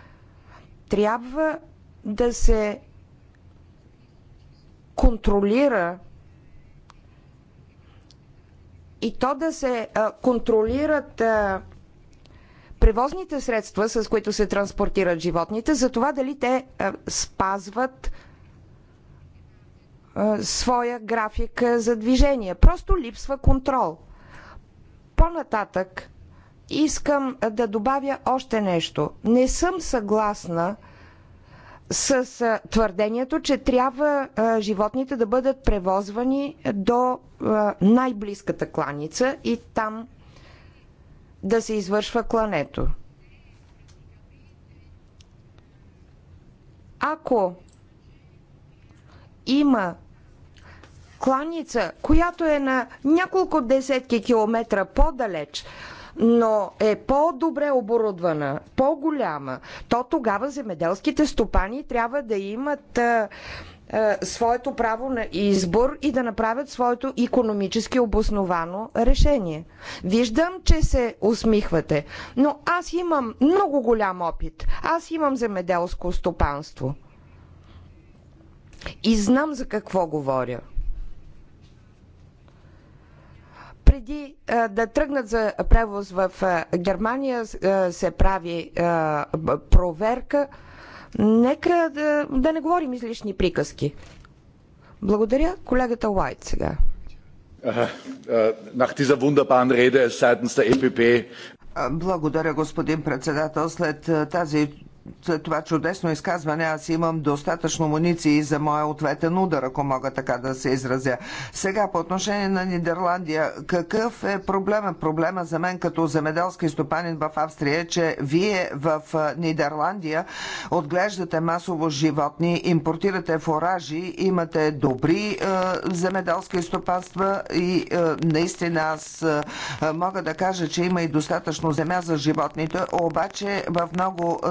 Трябва да се контролира и то да се контролират превозните средства, с които се транспортират животните, за това дали те спазват своя график за движение. Просто липсва контрол. По-нататък искам да добавя още нещо. Не съм съгласна, с твърдението, че трябва животните да бъдат превозвани до най-близката кланица и там да се извършва клането. Ако има кланица, която е на няколко десетки километра по-далеч, но е по-добре оборудвана, по-голяма, то тогава земеделските стопани трябва да имат а, а, своето право на избор и да направят своето економически обосновано решение. Виждам, че се усмихвате, но аз имам много голям опит. Аз имам земеделско стопанство. И знам за какво говоря. преди а, да тръгнат за превоз в а, Германия, а, се прави а, проверка. Нека да, да не говорим излишни приказки. Благодаря, колегата Уайт сега. Е благодаря, господин председател. След тази за това чудесно изказване, аз имам достатъчно муниции за моя ответен удар, ако мога така да се изразя. Сега, по отношение на Нидерландия, какъв е проблема? Проблема за мен като земеделски стопанин в Австрия е, че вие в Нидерландия отглеждате масово животни, импортирате фуражи, имате добри е, земеделски стопанства и е, наистина аз е, мога да кажа, че има и достатъчно земя за животните, обаче в много е,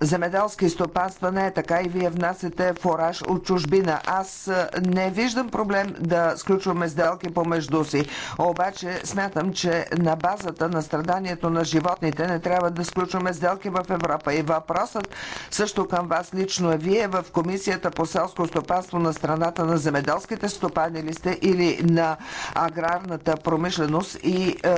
земеделски стопанства не е така и вие внасяте фораж от чужбина. Аз не виждам проблем да сключваме сделки помежду си. Обаче смятам, че на базата на страданието на животните не трябва да сключваме сделки в Европа. И въпросът също към вас лично е вие в Комисията по селско стопанство на страната на земеделските стопани ли сте или на аграрната промишленост и е,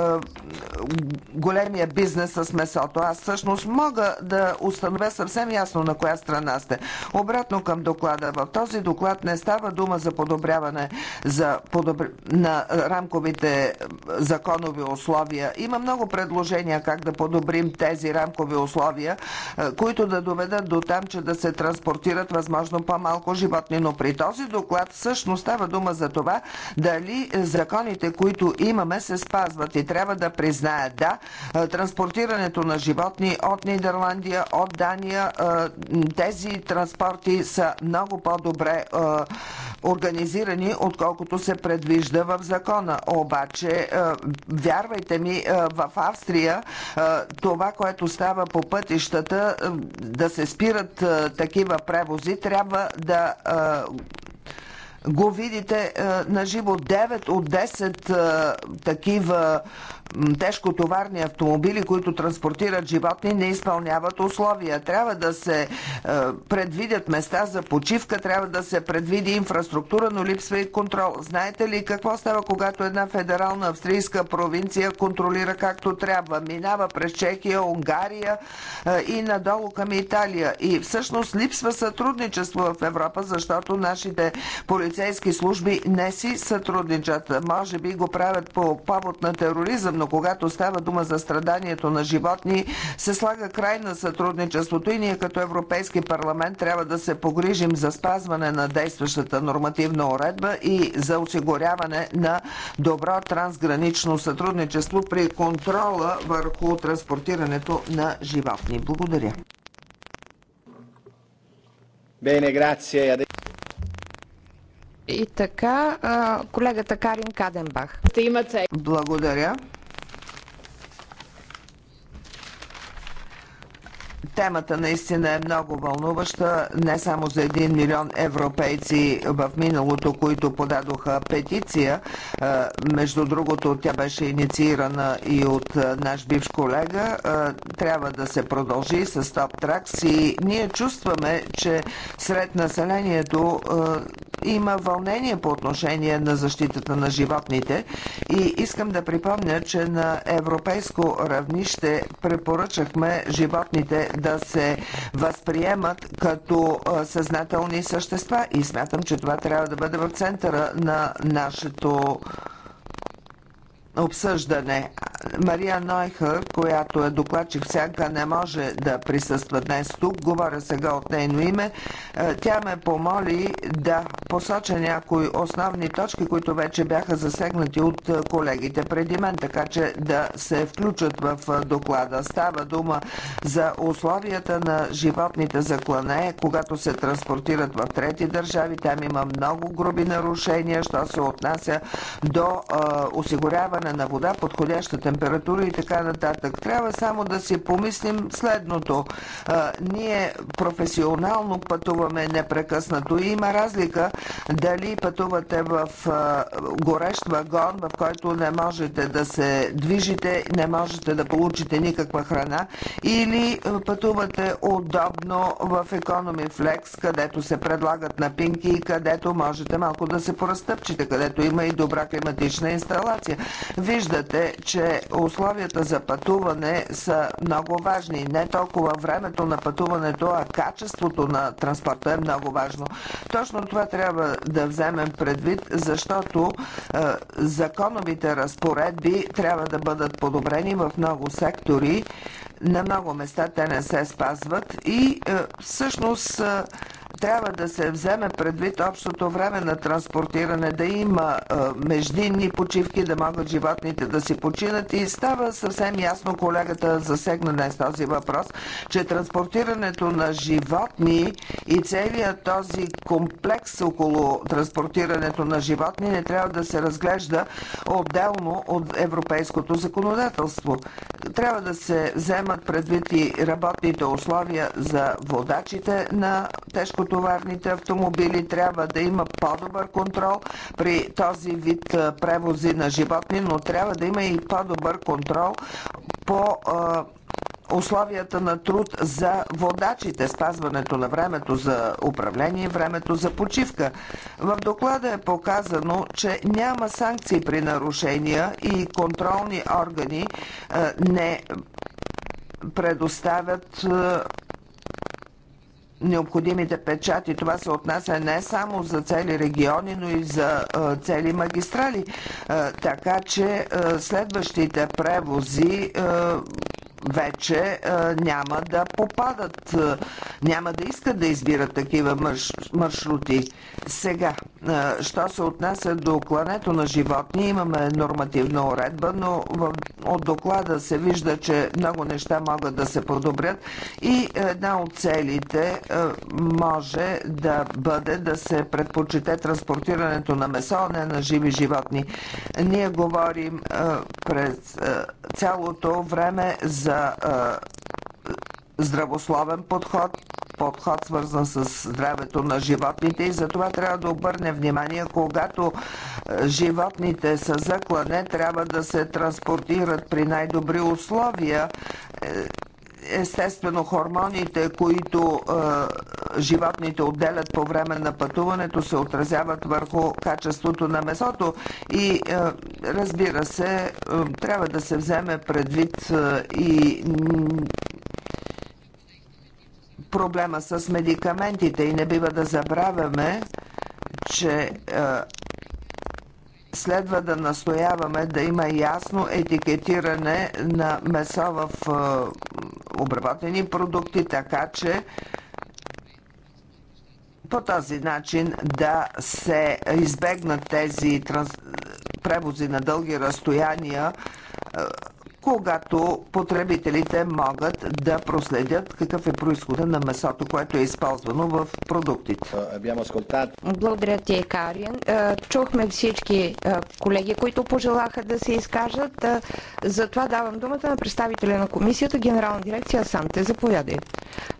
големия бизнес с месото. Аз всъщност мога да установя съвсем ясно на коя страна сте. Обратно към доклада. В този доклад не става дума за подобряване за подобр... на рамковите законови условия. Има много предложения как да подобрим тези рамкови условия, е, които да доведат до там, че да се транспортират възможно по-малко животни. Но при този доклад всъщност става дума за това дали законите, които имаме, се спазват. И трябва да признаят, да, е, транспортирането на животни от Нидерландия, от Дания, Германия тези транспорти са много по-добре организирани, отколкото се предвижда в закона. Обаче, вярвайте ми, в Австрия това, което става по пътищата, да се спират такива превози, трябва да го видите е, на живо 9 от 10 е, такива тежкотоварни автомобили, които транспортират животни, не изпълняват условия. Трябва да се е, предвидят места за почивка, трябва да се предвиди инфраструктура, но липсва и контрол. Знаете ли какво става, когато една федерална австрийска провинция контролира както трябва? Минава през Чехия, Унгария и надолу към Италия. И всъщност липсва сътрудничество в Европа, защото нашите полицейски полицейски служби не си сътрудничат. Може би го правят по повод на тероризъм, но когато става дума за страданието на животни, се слага край на сътрудничеството и ние като Европейски парламент трябва да се погрижим за спазване на действащата нормативна уредба и за осигуряване на добро трансгранично сътрудничество при контрола върху транспортирането на животни. Благодаря. Bene, grazie. И така, колегата Карин Каденбах. Благодаря. Темата наистина е много вълнуваща, не само за един милион европейци в миналото, които подадоха петиция. Между другото, тя беше инициирана и от наш бивш колега. Трябва да се продължи с топ Tracks и ние чувстваме, че сред населението има вълнение по отношение на защитата на животните и искам да припомня, че на европейско равнище препоръчахме животните да се възприемат като съзнателни същества. И смятам, че това трябва да бъде в центъра на нашето обсъждане. Мария Нойхър, която е докладчик всяка, не може да присъства днес тук. Говоря сега от нейно име. Е, тя ме помоли да посоча някои основни точки, които вече бяха засегнати от е, колегите преди мен, така че да се включат в е, доклада. Става дума за условията на животните за клане, когато се транспортират в трети държави. Там има много груби нарушения, що се отнася до осигуряване подаване на вода, подходяща температура и така нататък. Трябва само да си помислим следното. Ние професионално пътуваме непрекъснато и има разлика дали пътувате в горещ вагон, в който не можете да се движите, не можете да получите никаква храна или пътувате удобно в Economy Flex, където се предлагат напинки и където можете малко да се поразтъпчете, където има и добра климатична инсталация. Виждате, че условията за пътуване са много важни. Не толкова времето на пътуването, а качеството на транспорта е много важно. Точно това трябва да вземем предвид, защото е, законовите разпоредби трябва да бъдат подобрени в много сектори. На много места те не се спазват и е, всъщност е, трябва да се вземе предвид общото време на транспортиране, да има междинни почивки, да могат животните да си починат. И става съвсем ясно, колегата засегна днес този въпрос, че транспортирането на животни и целият този комплекс около транспортирането на животни не трябва да се разглежда отделно от европейското законодателство. Трябва да се вземат предвид и работните условия за водачите на тежкото тежкотоварните автомобили. Трябва да има по-добър контрол при този вид превози на животни, но трябва да има и по-добър контрол по условията на труд за водачите, спазването на времето за управление, времето за почивка. В доклада е показано, че няма санкции при нарушения и контролни органи не предоставят необходимите печати. Това се отнася не само за цели региони, но и за цели магистрали. Така че следващите превози вече е, няма да попадат, е, няма да искат да избират такива маршрути. Сега, е, що се отнася до клането на животни, имаме нормативна уредба, но от доклада се вижда, че много неща могат да се подобрят и една от целите може да бъде да се предпочете транспортирането на месо, а не на живи животни. Ние говорим през цялото време за за здравословен подход, подход свързан с здравето на животните и затова трябва да обърне внимание, когато животните са заклане, трябва да се транспортират при най-добри условия е, Естествено, хормоните, които животните отделят по време на пътуването, се отразяват върху качеството на месото. И разбира се, трябва да се вземе предвид и проблема с медикаментите. И не бива да забравяме, че следва да настояваме да има ясно етикетиране на месо в е, обработени продукти, така че по този начин да се избегнат тези превози на дълги разстояния е, когато потребителите могат да проследят какъв е происхода на месото, което е използвано в продуктите. Е, Благодаря ти, Карин. Е, чухме всички е, колеги, които пожелаха да се изкажат. Затова давам думата на представителя на комисията, генерална дирекция САНТЕ. Заповядай.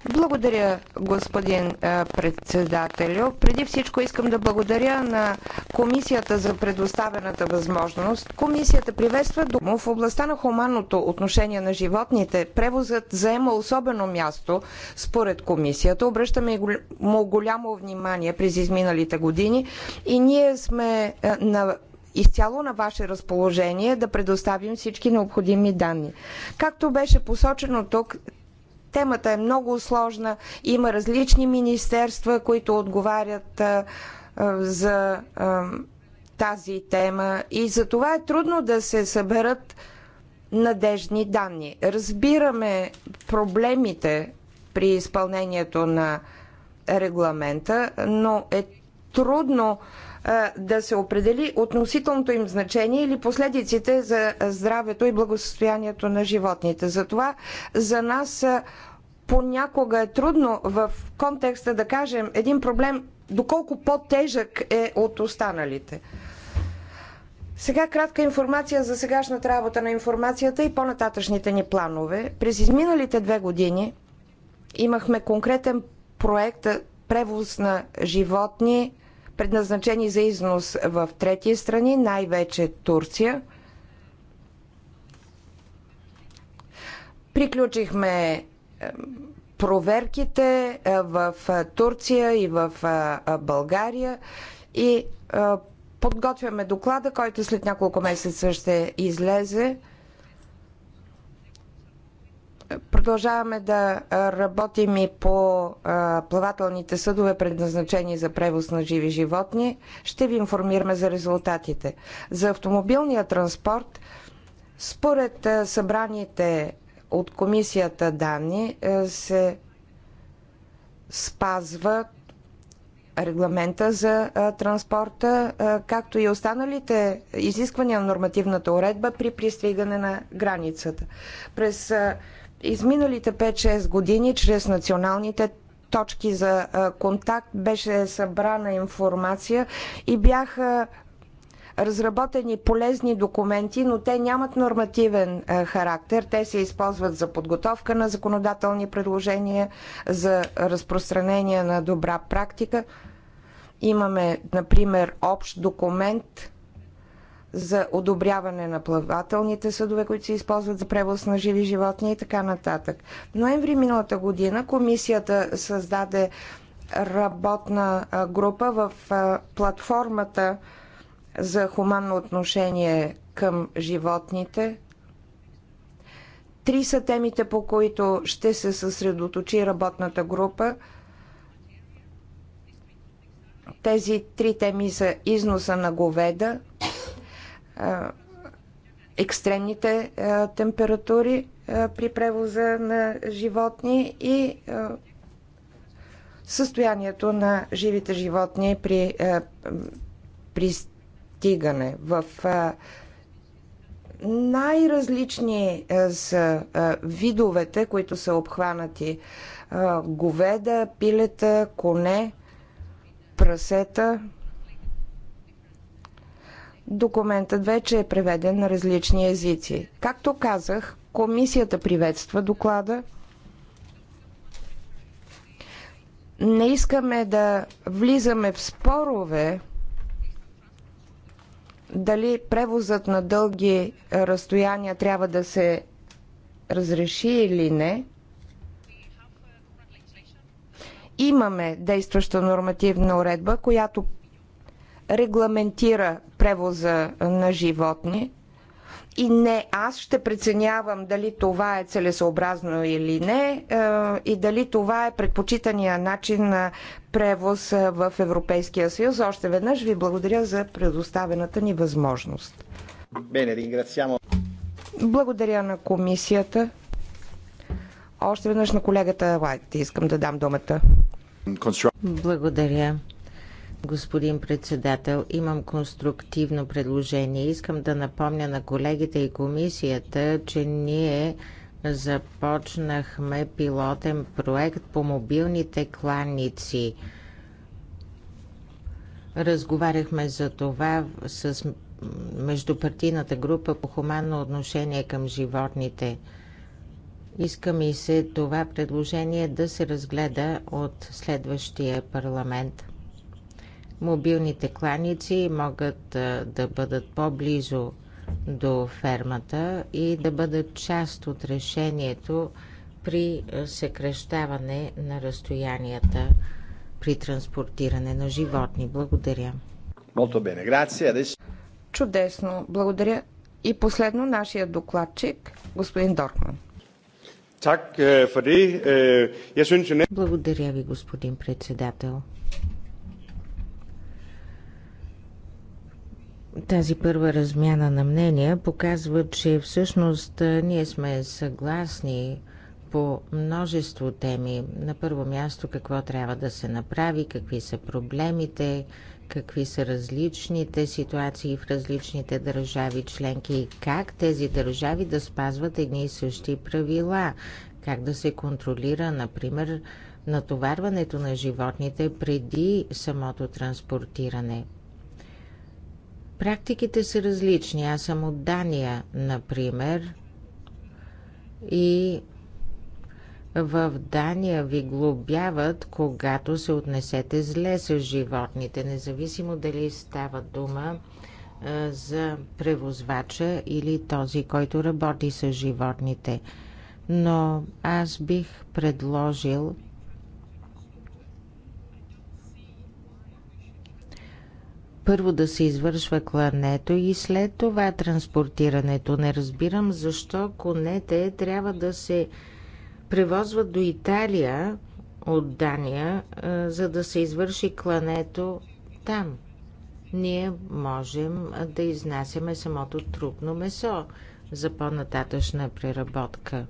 Благодаря, господин председателю. Преди всичко искам да благодаря на Комисията за предоставената възможност. Комисията приветства дома в областта на хуманното отношение на животните. Превозът заема особено място според Комисията. Обръщаме му голямо внимание през изминалите години и ние сме на изцяло на ваше разположение да предоставим всички необходими данни. Както беше посочено тук, Темата е много сложна. Има различни министерства, които отговарят а, а, за а, тази тема и за това е трудно да се съберат надежни данни. Разбираме проблемите при изпълнението на регламента, но е трудно да се определи относителното им значение или последиците за здравето и благосостоянието на животните. Затова за нас понякога е трудно в контекста да кажем един проблем доколко по-тежък е от останалите. Сега кратка информация за сегашната работа на информацията и по-нататъчните ни планове. През изминалите две години имахме конкретен проект превоз на животни предназначени за износ в трети страни, най-вече Турция. Приключихме е, проверките е, в е, Турция и в България и подготвяме доклада, който след няколко месеца ще излезе. Продължаваме да работим и по плавателните съдове, предназначени за превоз на живи животни. Ще ви информираме за резултатите. За автомобилния транспорт, според събраните от комисията данни, се спазва регламента за транспорта, както и останалите изисквания на нормативната уредба при пристигане на границата. През изминалите 5-6 години чрез националните точки за контакт беше събрана информация и бяха разработени полезни документи, но те нямат нормативен характер. Те се използват за подготовка на законодателни предложения, за разпространение на добра практика. Имаме, например, общ документ за одобряване на плавателните съдове, които се използват за превоз на живи животни и така нататък. В ноември миналата година комисията създаде работна група в платформата за хуманно отношение към животните. Три са темите, по които ще се съсредоточи работната група. Тези три теми са износа на говеда, е, екстремните е, температури е, при превоза на животни и състоянието на живите животни при пристигане в най-различни са видовете, които са обхванати. Говеда, пилета, коне, прасета – Документът вече е преведен на различни езици. Както казах, комисията приветства доклада. Не искаме да влизаме в спорове дали превозът на дълги разстояния трябва да се разреши или не. Имаме действаща нормативна уредба, която регламентира превоза на животни и не аз ще преценявам дали това е целесообразно или не е, и дали това е предпочитания начин на превоз е, в Европейския съюз. Още веднъж ви благодаря за предоставената ни възможност. Бене, благодаря на комисията. Още веднъж на колегата Лайт искам да дам думата. Благодаря. Господин председател, имам конструктивно предложение. Искам да напомня на колегите и комисията, че ние започнахме пилотен проект по мобилните кланици. Разговаряхме за това с междупартийната група по хуманно отношение към животните. Искам и се това предложение да се разгледа от следващия парламент. Мобилните кланици могат да бъдат по-близо до фермата и да бъдат част от решението при съкръщаване на разстоянията при транспортиране на животни. Благодаря. Чудесно. Благодаря. И последно нашия докладчик, господин Доркман. Е, е, Благодаря ви, господин председател. Тази първа размяна на мнения показва, че всъщност ние сме съгласни по множество теми. На първо място какво трябва да се направи, какви са проблемите, какви са различните ситуации в различните държави членки и как тези държави да спазват едни и същи правила, как да се контролира, например, натоварването на животните преди самото транспортиране – Практиките са различни. Аз съм от Дания, например, и в Дания ви глобяват, когато се отнесете зле с животните, независимо дали става дума за превозвача или този, който работи с животните. Но аз бих предложил първо да се извършва клането и след това транспортирането. Не разбирам защо конете трябва да се превозват до Италия от Дания, за да се извърши клането там. Ние можем да изнасяме самото трупно месо за по-нататъчна преработка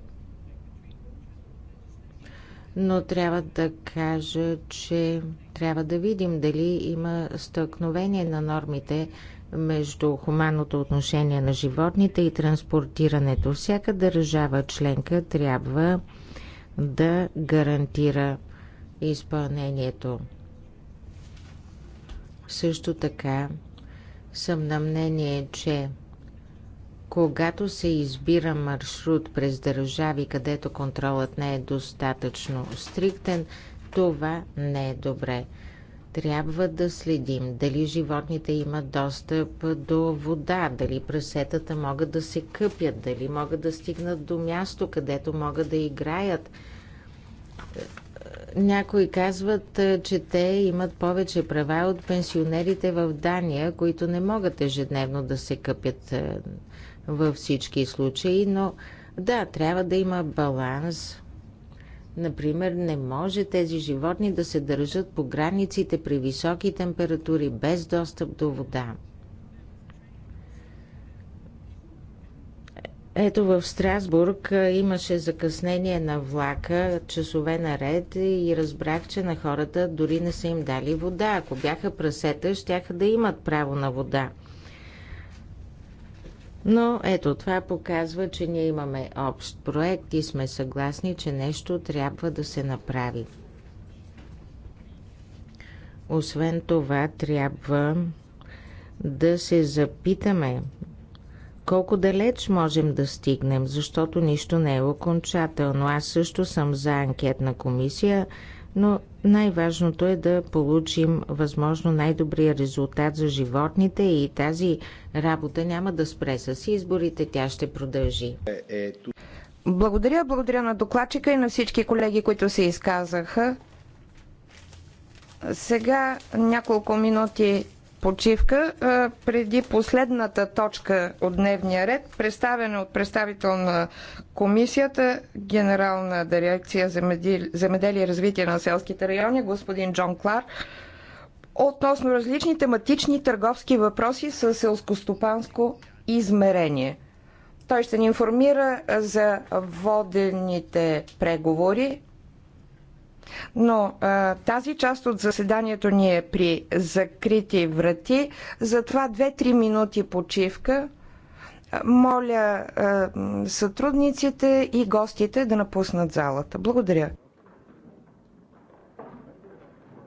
но трябва да кажа, че трябва да видим дали има стълкновение на нормите между хуманното отношение на животните и транспортирането. Всяка държава членка трябва да гарантира изпълнението. Също така съм на мнение, че когато се избира маршрут през държави, където контролът не е достатъчно стриктен, това не е добре. Трябва да следим дали животните имат достъп до вода, дали прасетата могат да се къпят, дали могат да стигнат до място, където могат да играят. Някои казват, е, че те имат повече права от пенсионерите в Дания, които не могат ежедневно да се къпят във всички случаи, но да, трябва да има баланс. Например, не може тези животни да се държат по границите при високи температури, без достъп до вода. Ето в Страсбург имаше закъснение на влака часове наред и разбрах, че на хората дори не са им дали вода. Ако бяха прасета, щяха да имат право на вода. Но ето това показва, че ние имаме общ проект и сме съгласни, че нещо трябва да се направи. Освен това, трябва да се запитаме колко далеч можем да стигнем, защото нищо не е окончателно. Аз също съм за анкетна комисия, но най-важното е да получим възможно най-добрия резултат за животните и тази работа няма да спре с изборите, тя ще продължи. Благодаря, благодаря на докладчика и на всички колеги, които се изказаха. Сега няколко минути почивка преди последната точка от дневния ред, представена от представител на комисията, генерална дирекция Земеделие и развитие на селските райони, господин Джон Клар, относно различни тематични търговски въпроси с селскостопанско измерение. Той ще ни информира за водените преговори но а, тази част от заседанието ни е при закрити врати, затова 2-3 минути почивка. Моля а, сътрудниците и гостите да напуснат залата. Благодаря.